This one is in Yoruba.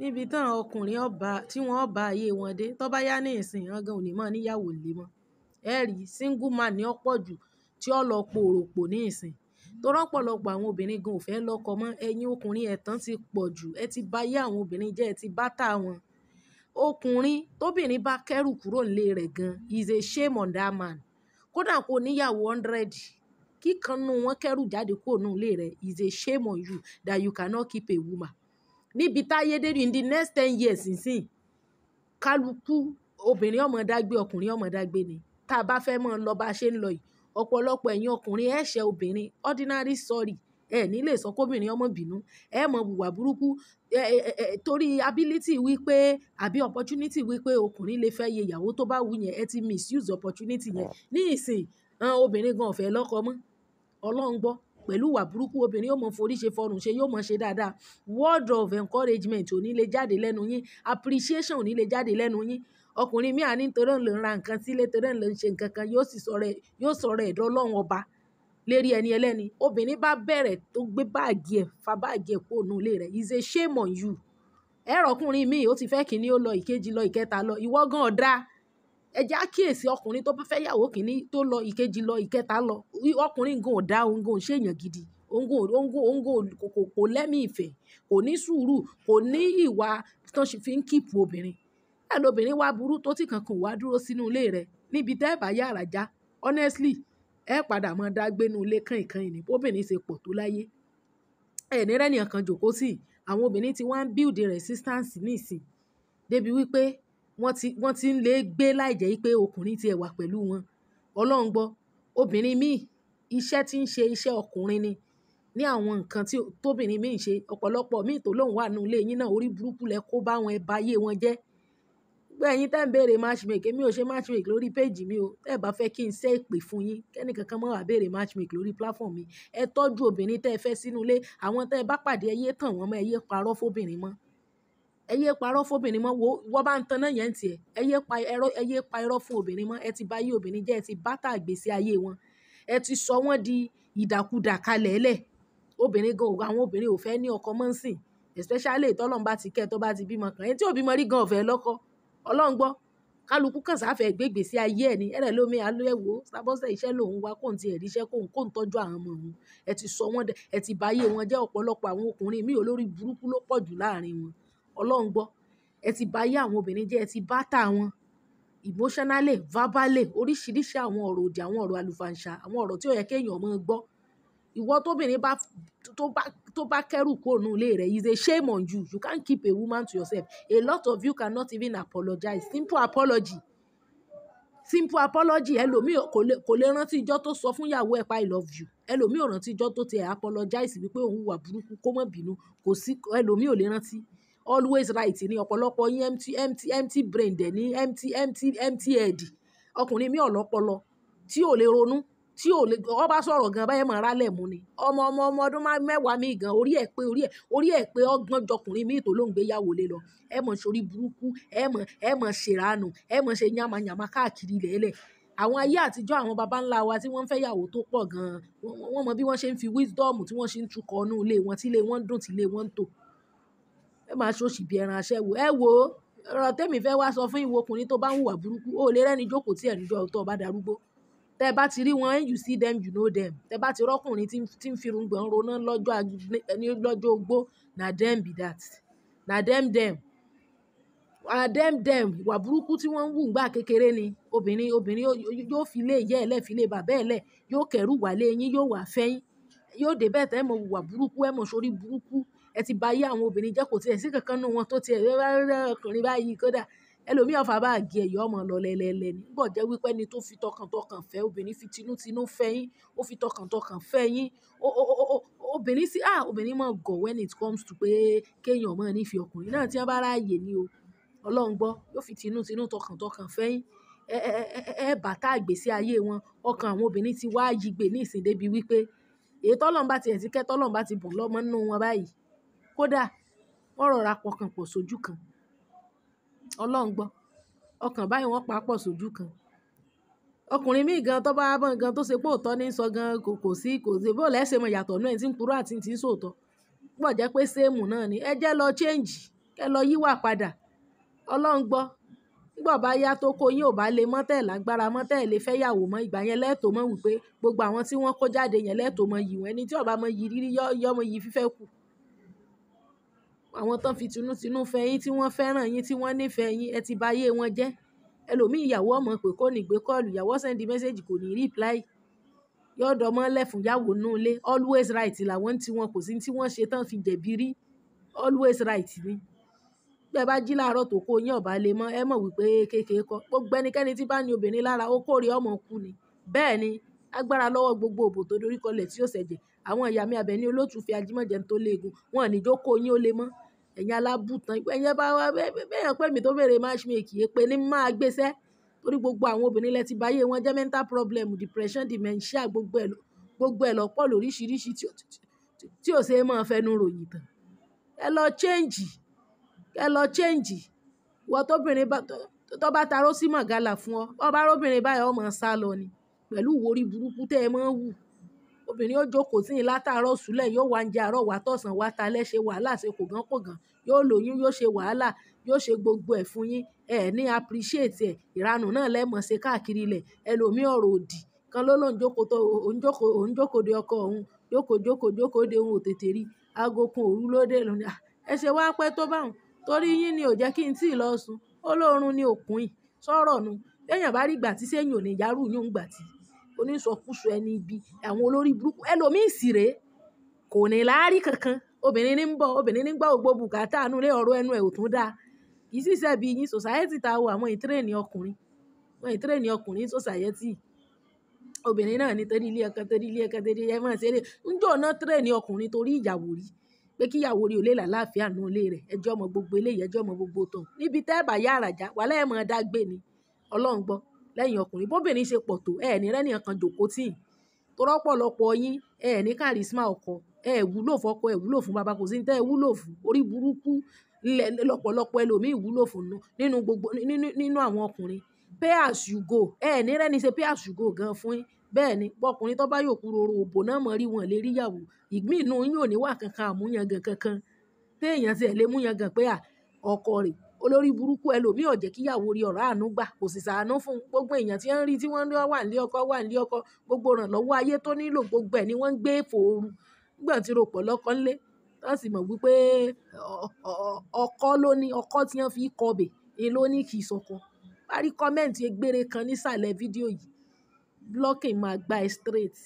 níbi táwọn ọkùnrin ọba tí wọ́n ọba ayé wọn dé, tó bá yá ní ìsìn, wọ́n gan ò ní níyàwó nílé mọ́. Ẹ rí, single man ni ó jù tí ó lọ pòròpò ní ìsìn. Torí ọ̀pọ̀lọpọ̀ àwọn obìnrin gan ò fẹ́ lọ́kọ mọ́. Ẹ̀yin ọkùnrin ẹ̀tàn ti pọ̀ jù. Ẹ ti ba ayé àwọn obìnrin jẹ́, ẹ ti bá tà wọ́n. Ọkùnrin, tóbìnrin bá kẹ́rù kúrò nílé rẹ̀ gan, is a shame on that man. Kódà kó níyàwó hundred, kí kan wọn kẹ́rù jáde kúrò nínú ilé is a shame on you that you cannot keep a woman níbi táyé dé in the next ten years nsìn kálukú obìnrin ọmọ dágbé ọkùnrin ọmọ dágbé ni tá a bá fẹ́ mọ́ ọ lọ bá ṣe ń lọ yìí ọ̀pọ̀lọpọ̀ ẹ̀yin ọkùnrin ẹ̀ obìnrin ordinary sorry ẹ ní lè sọ kóbìnrin ọmọ bínú ẹ mọ wùwà burúkú ẹ ẹ torí ability wípé àbí opportunity wípé ọkùnrin lè fẹ́ yẹ ìyàwó tó bá wù yẹn ẹ ti misuse opportunity yẹn ní ìsìn obìnrin gan ò fẹ́ lọ́kọ mọ́ ọlọ́run pẹ̀lú ìwà burúkú obìnrin yóò mọ forí ṣe fọrùn ṣe yóò mọ ṣe dáadáa word of encouragement ò ní lè jáde lẹ́nu yín appreciation ò ní lè jáde lẹ́nu yín ọkùnrin mi à ní torí òun ló ń ra nǹkan sílé torí òun ló ń ṣe nǹkan kan yóò sì sọ̀rọ̀ ẹ̀ yóò sọ̀rọ̀ ẹ̀dọ́ ọlọ́run ọba lérí ẹni ẹlẹ́ni obìnrin bá bẹ̀rẹ̀ tó gbé báàgì ẹ̀ fa báàgì ẹ̀ kó nù ilé rẹ̀ is a shame on you ẹ̀rọ ọkùnrin mi ò ti fẹ́ kí ni ó lọ ìkejì lọ ìkẹta lọ ìwọ gan ọ̀dà ẹ jẹ́ àkíyèsí ọkùnrin tó bá fẹ́ yàwó kìíní tó lọ ìkejì lọ ìkẹta lọ ọkùnrin gan ò dá ṣèyàn gidi òun gan òun gan òun gan kò kò lẹ́mìí ìfẹ́ kò ní sùúrù kò ní ìwà tó fi ń kíìpù obìnrin ẹ lóbìnrin wá burú tó ti kankan wá dúró sínú ilé rẹ níbi tẹ́ ẹ bá yàrá já honestly ẹ padà mọ dágbénu ilé kànìkànì ní obìnrin ṣe pọ̀ tó láyé ẹ ní rẹ́nìyàn kan jòkó sí àwọn obìnrin tí wọ́n ń build resistance nísìn débi wípé wọ́n ti wọ́n ti ń lè gbé láìjẹ́ pé ọkùnrin ti ẹ̀ pẹ̀lú wọn ọlọ́run gbọ́ obìnrin míì iṣẹ́ tí ń ṣe iṣẹ́ ọkùnrin ni ní àwọn nǹkan tóbìnrin míì ń ṣe ọ̀pọ̀lọpọ̀ míì tó lóun wà nílé yín náà orí burúkú lẹ kó bá wọn ẹ bà ayé wọn jẹ́ gbé ẹ̀yin tẹ́ ń béèrè matchmake èmi ò ṣe matchmake lórí péjì mi o tẹ́ ẹ bá fẹ́ kí n ṣe ìpè fún yín kẹ́nìkan kan má wá béèrè matchmake lórí platform mi ẹ tọ́jú obìnrin tẹ́ ẹ fẹ́ sínú ilé àwọn tẹ́ ẹ bá pàdé ẹ yé tàn wọ́n mọ́ ẹ yé parọ́ fóbìnrin mọ́ ẹ yé parọ́ fún obìnrin mọ́ wo wọ́n bá ń taná yẹn tiẹ̀ ẹ yé pa irọ́ ẹ yé pa irọ́ fún obìnrin mọ́ ẹ ti bá yé obìnrin jẹ́ ẹ ti bá tà gbèsè ayé wọn ẹ ti sọ wọ́n di ìdàkudà kalẹ̀ lẹ̀ obìnrin gan àwọn obìnrin ò fẹ́ ní ọkọ mọ́ ń sìn especially ìtọ́lọ́n bá ti kẹ́ tó bá ti bímọ kàn ẹ́ tí òbí mọ rí gan ọ̀fẹ́ lọ́kọ ọlọ́run gbọ́ kálukú kàn sáfẹ́ gbé gbèsè ayé ẹ̀ ní ẹ̀rẹ̀ lómi alóẹ̀wò sábọ́sẹ̀ iṣẹ́ lòun wá kóun ti ẹ̀rí iṣẹ́ kóun kóun tọ́jú àwọn ọmọ òun ẹ ti sọ wọ́n ẹ ti báyé wọn jẹ́ ọ̀pọ̀lọpọ̀ àwọn ọkùnrin míì olórí burúkú ló pọ̀ láàrin wọn Ọlọ́run gbọ́. Ẹ ti ba ayé àwọn obìnrin jẹ́, ẹ ti bá tà wọ́n emotionally, verbally, oríṣiríṣi àwọn ọ̀rọ̀ òdì, àwọn ọ̀rọ̀ àlùfàǹsá, àwọn ọ̀rọ̀ tí ó yẹ kí èèyàn máa gbọ́. Ìwọ tó obìnrin bá, tó bá, tó bá kẹ́rù kúrò nínú ilé rẹ̀ is a shame on you. You can't keep a woman to yourself. A lot of you cannot even apologize. Simple apology. Simple apology. Ẹlòmíì kò lè, kò lè rántí ijọ́ tó sọ fún ìyàwó ẹ̀ pé I love you. Ẹlòmíì ò rántí ijọ́ tó ti apologize wípé òun hùwà burúkú kó má bínú. Kò sí, ẹlòmíì ò lè rántí always right ní ọ̀pọ̀lọpọ̀ yín empty empty empty brain dẹ̀ ní empty empty empty head ọkùnrin mi ọ̀lọ́pọlọ tí ò lè ronú tí ò lè ọ bá sọ̀rọ̀ gan báyẹn mọ̀ rálẹ̀ mú ni ọmọ ọmọ ọmọ ọdún mẹ́wàá mi gan orí ẹ̀ pé orí ẹ̀ orí ẹ̀ pé ọgbọ́n jọkùnrin mi tó ló ń gbéyàwó lé lọ ẹ mọ̀ sórí burúkú ẹ mọ̀ ẹ mọ̀ ṣèrànù ẹ mọ̀ ṣe yàmàyàmà káàkiri lẹ́lẹ̀ àwọn ayé àtijọ́ àwọn baba ńlá wa tí wọ́n ń fẹ́yàwó tó pọ̀ gan-an wọ́n mọ bí wọ́n ṣe ń fi wisdom tí wọ́n ṣe ń tukọ̀ ọ̀nù ilé wọn tí ilé wọn dùn tí ilé wọn tò ẹ máa ṣòṣì bí ẹran aṣẹ́wó ẹ wo ọ̀rọ̀ tẹ́mi fẹ́ wá sọ fún ìwọ ọkùnrin tó bá ń hùwà burúkú ó lè rẹ́ni jókòó tí ẹ̀rí jọ tó bá darúgbó tẹ́ bá ti rí wọn you see them you know them tẹ́ bá ti rọ́kùnrin tí ń firun gbọ̀n roná lọ́jọ́ ogbó na dem be that na dem dem dem dem ìwà burúkú tí wọ́n ń wù ńgbà kékeré ni obìnrin obìnrin yóò fi lé ìyá ẹ̀ lẹ̀ fi lé bàbá ẹ̀ lẹ̀ yóò kẹ̀rù wà lé yín yóò wà fẹ́yìn yóò dé bẹ́ẹ̀ tẹ́ mọ̀ wà burúkú ẹ̀ mọ̀ sórí burúkú ẹ ti ba ayé àwọn obìnrin jẹ́ kò tiẹ̀ sí kankan nínú wọn tó tiẹ̀ rẹ́rẹ́rẹ́ ọkùnrin báyìí kódà ẹlòmíì ọ̀fà báàgì ẹ̀yọ́ ọmọ lọ lẹ́lẹ́lẹ́ ní bọ̀ jẹ́ wípé ẹni tó fi tọkàntọkàn fẹ́ obìnrin fi tinútinú fẹ́ yín ó fi tọkàntọkàn fẹ́ yín obìnrin sí ah obìnrin máa gọ̀ when it comes to pé kéèyàn máa nífi ọkùnrin náà tí wọ́n bá ráàyè ni o ọlọ́run gbọ́ yóò fi tinútinú tọkàntọkàn fẹ́ yín ẹ bàtà ìgbésí ayé wọn ọkàn àwọn obìnrin ti wá yí gbé ní ìsìn débi wípé èyí tọ́lọ́run bá ti ẹ̀ ti kẹ́ tọ́lọ́run bá ti bùn lọ́mọ nínú wọn báyìí Kódà wọ́n rọra pọkàn pọ̀ sójú kan. Ọlọ́run gbọ́. Ọkàn báyìí wọ́n pa pọ̀ sójú kan. Ọkùnrin míì gan tó bá wa gan tó ṣe pé òótọ́ ní sọ gan kò kò sí kò sí bó lè mọ ìyàtọ̀ nínú tí ń purọ́ àti tí ń sòótọ́. Bó jẹ́ pé same náà ni. Ẹ jẹ́ lọ change. Kẹ́ lọ yíwà padà. Ọlọ́run gbọ́. Nígbà bá yá tóko yín ò bá le mọ́ tẹ̀ lágbára mọ́ tẹ̀ lè fẹ́ ìyàwó mọ́. Ìgbà yẹn lẹ́tò mọ̀ wípé gbogbo àwọn tí wọ́n kó jáde yẹn lẹ́tò mọ yì wọ́n. Ẹni tí ó mọ yì rírí yọ mọ yì fífẹ́ kù àwọn tó ń fi tinútinú fẹ́ yín tí wọ́n fẹ́ràn yín tí wọ́n nífẹ̀ẹ́ yín ẹ ti ba ayé wọn jẹ́ ẹlòmíì ìyàwó ọmọ pé kò ní gbé kọ́ọ̀lù ìyàwó sẹ́ndí mẹ́sẹ́jì kò ní reply yóò dọmọ lẹ́fun yàwó nú ilé always right làwọn tí wọn kò sí tí wọ́n ṣe tán fi jẹ̀bi rí always right ni bí ẹ bá jí láàárọ̀ tó kó yín ọ̀bá lè mọ́ ẹ mọ̀ wípé kékeré kọ́ gbogbo ẹnikẹ́ni tí bá ní obìnrin lára ó kórè ọmọ kú ni bẹ́ẹ̀ ni agbára lọ́wọ́ gbogbo òbò tó dorí kọlẹ̀ tí ó ṣẹ̀jẹ̀ àwọn ìyá mi Àbẹ̀ní Olótùú fi ajímọ̀jẹ̀ ń tó léegun wọn ò ní jókòó yín ó lè mọ́ ẹ̀yin alábùtàn ẹ̀yin bá wá bẹ́ẹ̀ pẹ́ mi tó béèrè matchmaking èpè ní máa gbéṣẹ́ torí gbogbo àwọn obìnrin lẹ ti báyé wọn jẹ́ mental problem depression dementia gbogbo ẹ̀ gbogbo ẹ̀ lọ́pọ̀ lóríṣiríṣi tí ò ṣe é máa fẹnu ròyìn tán ẹ lọ chẹ́ǹjì ẹ lọ chẹ́ǹjì wọ́n tóbìnrin bá tó bá taró sí mọ̀gálà fún ọ ọba arábìnrin báyọ̀ ọmọ sá lọ ni pẹ̀lú ìwòrí burúkú tẹ́ ẹ máa ń wù obìnrin ó jókòó tí yín látàárọ̀ ṣúlẹ̀ yóò wá ń jẹ àárọ̀ wá tọ̀sán wá talẹ́ ṣe wàhálà ṣe kò gán kò gán yóò lóyún yóò ṣe wàhálà yóò ṣe gbogbo ẹ̀ fún yín ẹ̀ ní appreciate ẹ̀ ìranù náà lẹ́mọ̀ ṣe káàkiri ilẹ̀ ẹlòmíì ọ̀rọ̀ òdì kan ló lóun jókòó tó òun jókòó de ọkọ òun jókòó jókòó jókòó de òun ò tètè rí aago kan òru ló dé lónìí ẹ ṣe wá pẹ́ tó báwọn torí yín ni ò onísọkúsọ ẹni ibi àwọn olórí burúkú ẹlòmíì sì rèé kò ní láárí kankan obìnrin ní ń bọ̀ obìnrin ní ń gbọ́ gbogbo bùkátà àánú lé ọ̀rọ̀ ẹnu ẹ̀ ò tún dáa kì í sì sẹ́bi yín society ta wo àwọn ìtírèènì ọkùnrin àwọn ìtírèènì ọkùnrin society obìnrin náà ní torí ilé ẹ̀kọ́ torí ilé ẹ̀kọ́ torí ẹ̀ máa ṣe eré ńjọ́ náà tírèènì ọkùnrin torí ìyàwó rí pé kí ìyàwó rí ò lè là láàfin àánú rẹ̀ ẹjọ́ ọmọ gbogbo eléyìí ẹjọ́ ọmọ gbogbo tán níbi tẹ́ bàyá àràjá wàhálà ẹ̀ máa dá gbé ni ọlọ́run gbọ́ lẹ́yìn ọkùnrin bóbìnrin ṣe pọ̀ tó ẹ ní rẹ́ni kan jòkó tì tó rọ́pọ̀lọpọ̀ yín ẹ ní kàrísímà ọkọ ẹ wúlò fọkọ ẹ wúlò fún baba kò sí ní tẹ́ ẹ wúlò fún orí burúkú lọ́pọ̀lọpọ̀ ẹlòmíì wúlò fún nínú gbogbo nínú àwọn ọkùnrin pay as you go ẹ ní rẹ́ni ṣe pay as you go gan fún yín bẹ́ẹ̀ ni ọkùnrin tó bá yòókù roro òbò náà mọ̀ rí wọn lè rí yàwó ìgbín inú yín ò ní wà kankan àmúyangàn kankan téèyàn ti ẹ̀ lè múyangàn pé à ọkọ rẹ̀ olórí burúkú ẹlòmíì ò jẹ́ kíyàwó rí ọ̀rọ̀ àánú gbà kò sì sàánú fún un gbogbo èèyàn tí wọ́n rí tí wọ́n wà nílé ọkọ wà nílé ọkọ gbogbo ìrànlọ́wọ́ ayé tó nílò gbogbo ẹ̀ ni wọ́n ń gbé fòoru gbọ̀n tí ropọ̀ lọ́kọ́ ńlé wọ́n sì mọ̀ wípé ọkọ ló ní ọkọ tí wọ́n fi kọbẹ̀ èyí ló ní kì í sọkọ parí kọ́mẹ́ǹtì egbére kan nísàlẹ̀ fídíò yìí blocking máa gba ẹ straight.